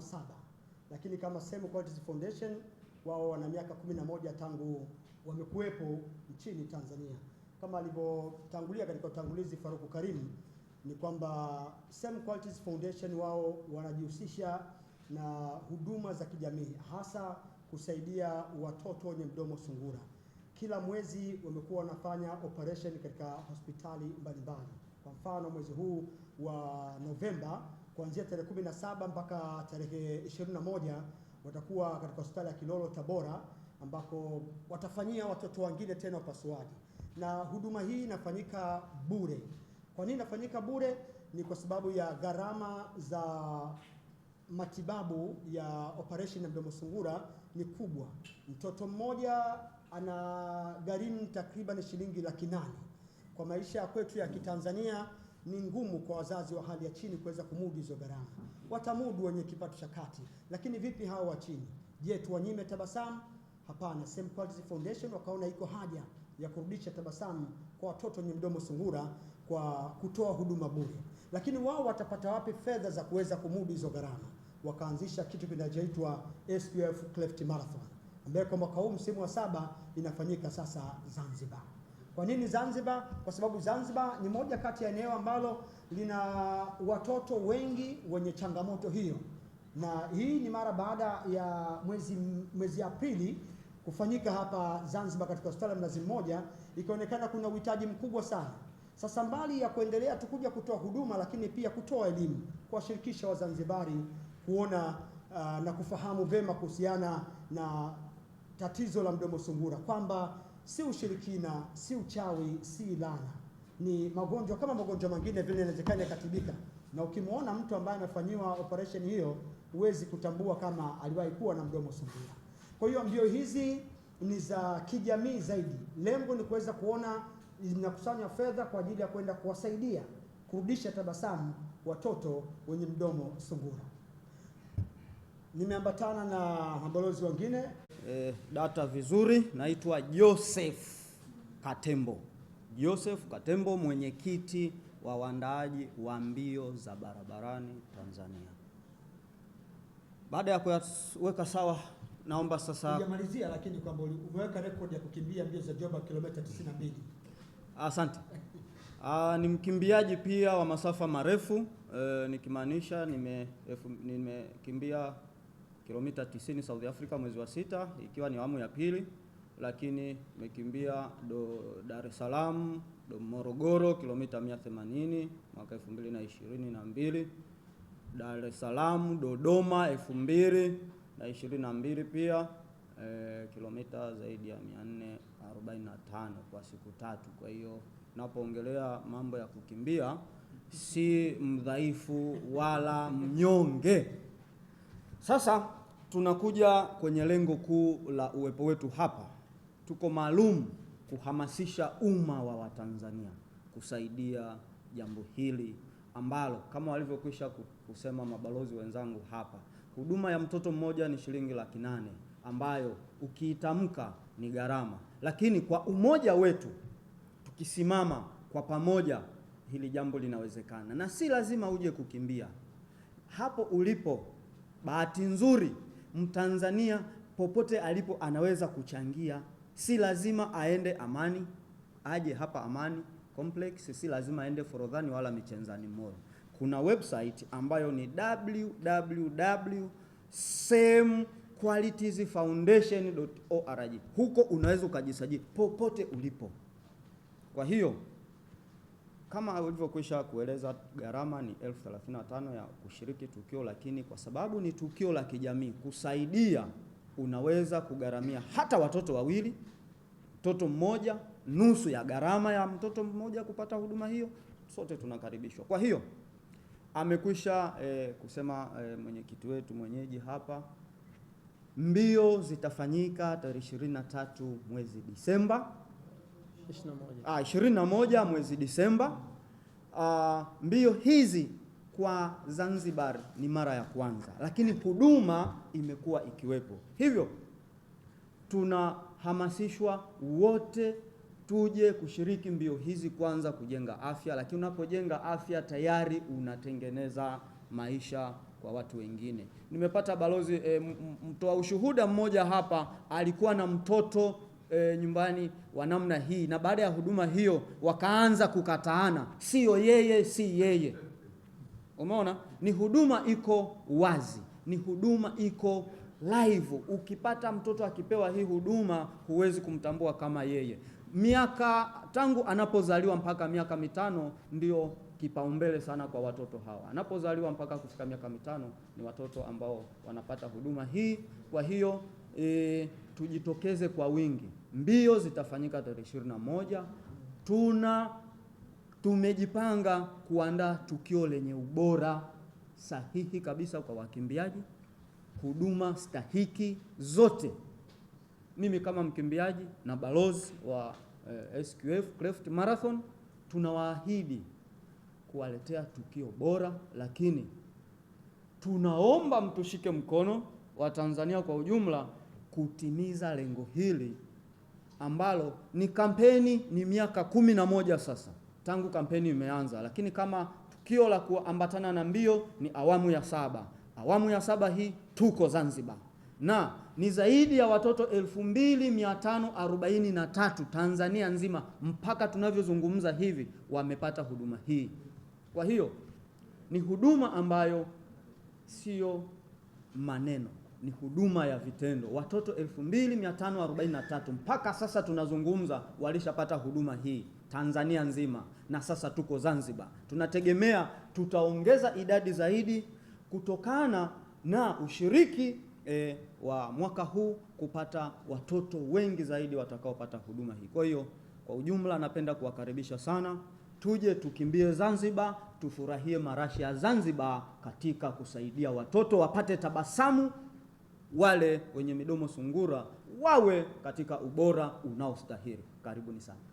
wa saba, lakini kama Same Qualities Foundation wao wana miaka 11 tangu wamekuwepo nchini Tanzania. Kama alivyotangulia katika utangulizi Faruku Karimu, ni kwamba Same Qualities Foundation wao wanajihusisha na huduma za kijamii, hasa kusaidia watoto wenye mdomo sungura. Kila mwezi wamekuwa wanafanya operation katika hospitali mbalimbali. Kwa mfano mwezi huu wa Novemba kuanzia tarehe kumi na saba mpaka tarehe ishirini na moja watakuwa katika hospitali ya Kilolo Tabora, ambako watafanyia watoto wengine tena upasuaji, na huduma hii inafanyika bure. Kwa nini inafanyika bure? Ni kwa sababu ya gharama za matibabu ya operation ya mdomo sungura ni kubwa. Mtoto mmoja ana gharimu takriban shilingi laki nane. Kwa maisha ya kwetu ya Kitanzania ni ngumu kwa wazazi wa hali ya chini kuweza kumudu hizo gharama. Watamudu wenye kipato cha kati, lakini vipi hao wa chini? Je, tuwanyime tabasamu? Hapana. Same Quality Foundation wakaona iko haja ya kurudisha tabasamu kwa watoto wenye mdomo sungura kwa kutoa huduma bure, lakini wao watapata wapi fedha za kuweza kumudu hizo gharama? Wakaanzisha kitu kinachoitwa SQF Cleft Marathon ambayo kwa mwaka huu msimu wa saba inafanyika sasa Zanzibar. Kwa nini Zanzibar? Kwa sababu Zanzibar ni moja kati ya eneo ambalo lina watoto wengi wenye changamoto hiyo, na hii ni mara baada ya mwezi mwezi Aprili kufanyika hapa Zanzibar katika hospitali ya Mnazi Mmoja, ikionekana kuna uhitaji mkubwa sana. Sasa mbali ya kuendelea tukuja kutoa huduma, lakini pia kutoa elimu, kuwashirikisha Wazanzibari kuona uh, na kufahamu vema kuhusiana na tatizo la mdomo sungura kwamba si ushirikina, si uchawi, si ilana ni magonjwa kama magonjwa mengine vile, inawezekana yakatibika. Na ukimwona mtu ambaye amefanyiwa operation hiyo, huwezi kutambua kama aliwahi kuwa na mdomo sumbua. Kwa hiyo mbio hizi ni za kijamii zaidi, lengo ni kuweza kuona zinakusanywa fedha kwa ajili ya kwenda kuwasaidia kurudisha tabasamu watoto wenye mdomo sungura nimeambatana na mabalozi wengine eh, data vizuri. Naitwa Joseph Katembo, Joseph Katembo, mwenyekiti wa waandaaji wa mbio za barabarani Tanzania. Baada ya kuweka sawa, naomba sasa kumalizia, lakini kwamba umeweka rekodi ya kukimbia mbio za Joba kilomita 92. Asante. Ah, ni mkimbiaji pia wa masafa marefu e, nikimaanisha nimekimbia nime kilomita 90 South Africa mwezi wa sita, ikiwa ni awamu ya pili, lakini mekimbia do Dar es Salaam do Morogoro kilomita 180 mwaka 2022, Dar es Salaam Dodoma 2022 pia e, kilomita zaidi ya 445 kwa siku tatu. Kwa hiyo napoongelea mambo ya kukimbia si mdhaifu wala mnyonge. Sasa Tunakuja kwenye lengo kuu la uwepo wetu hapa. Tuko maalum kuhamasisha umma wa Watanzania kusaidia jambo hili ambalo kama walivyokwisha kusema mabalozi wenzangu hapa, huduma ya mtoto mmoja ni shilingi laki nane ambayo ukiitamka ni gharama, lakini kwa umoja wetu tukisimama kwa pamoja, hili jambo linawezekana, na si lazima uje kukimbia hapo ulipo. Bahati nzuri Mtanzania popote alipo anaweza kuchangia, si lazima aende Amani, aje hapa Amani Complex, si lazima aende Forodhani wala Michenzani moro Kuna website ambayo ni www.samequalitiesfoundation.org. Huko unaweza ukajisajili popote ulipo. Kwa hiyo kama ulivyokwisha kueleza, gharama ni elfu thelathini na tano ya kushiriki tukio, lakini kwa sababu ni tukio la kijamii kusaidia, unaweza kugharamia hata watoto wawili, mtoto mmoja, nusu ya gharama ya mtoto mmoja kupata huduma hiyo. Sote tunakaribishwa. Kwa hiyo amekwisha eh, kusema eh, mwenyekiti wetu mwenyeji hapa, mbio zitafanyika tarehe 23 mwezi Disemba. 21, 21 ah, mwezi Disemba. Ah, mbio hizi kwa Zanzibar ni mara ya kwanza, lakini huduma imekuwa ikiwepo, hivyo tunahamasishwa wote tuje kushiriki mbio hizi, kwanza kujenga afya, lakini unapojenga afya tayari unatengeneza maisha kwa watu wengine. Nimepata balozi e, mtoa ushuhuda mmoja hapa alikuwa na mtoto e, nyumbani wa namna hii, na baada ya huduma hiyo wakaanza kukataana, siyo yeye, si yeye. Umeona, ni huduma iko wazi, ni huduma iko live. Ukipata mtoto akipewa hii huduma, huwezi kumtambua kama yeye. Miaka tangu anapozaliwa mpaka miaka mitano ndio kipaumbele sana kwa watoto hawa. Anapozaliwa mpaka kufika miaka mitano ni watoto ambao wanapata huduma hii. Kwa hiyo e, tujitokeze kwa wingi. Mbio zitafanyika tarehe ishirini na moja. Tuna tumejipanga kuandaa tukio lenye ubora sahihi kabisa kwa wakimbiaji, huduma stahiki zote. Mimi kama mkimbiaji na balozi wa eh, SQF Craft Marathon tunawaahidi kuwaletea tukio bora, lakini tunaomba mtushike mkono wa Tanzania kwa ujumla kutimiza lengo hili ambalo ni kampeni, ni miaka kumi na moja sasa tangu kampeni imeanza, lakini kama tukio la kuambatana na mbio ni awamu ya saba. Awamu ya saba hii tuko Zanzibar na ni zaidi ya watoto 2543 Tanzania nzima mpaka tunavyozungumza hivi wamepata huduma hii. Kwa hiyo ni huduma ambayo siyo maneno ni huduma ya vitendo. Watoto 2543 mpaka sasa tunazungumza walishapata huduma hii Tanzania nzima, na sasa tuko Zanzibar. Tunategemea tutaongeza idadi zaidi kutokana na ushiriki e, wa mwaka huu kupata watoto wengi zaidi watakaopata huduma hii. Kwa hiyo kwa ujumla, napenda kuwakaribisha sana, tuje tukimbie Zanzibar, tufurahie marashi ya Zanzibar katika kusaidia watoto wapate tabasamu wale wenye midomo sungura wawe katika ubora unaostahili. Karibuni sana.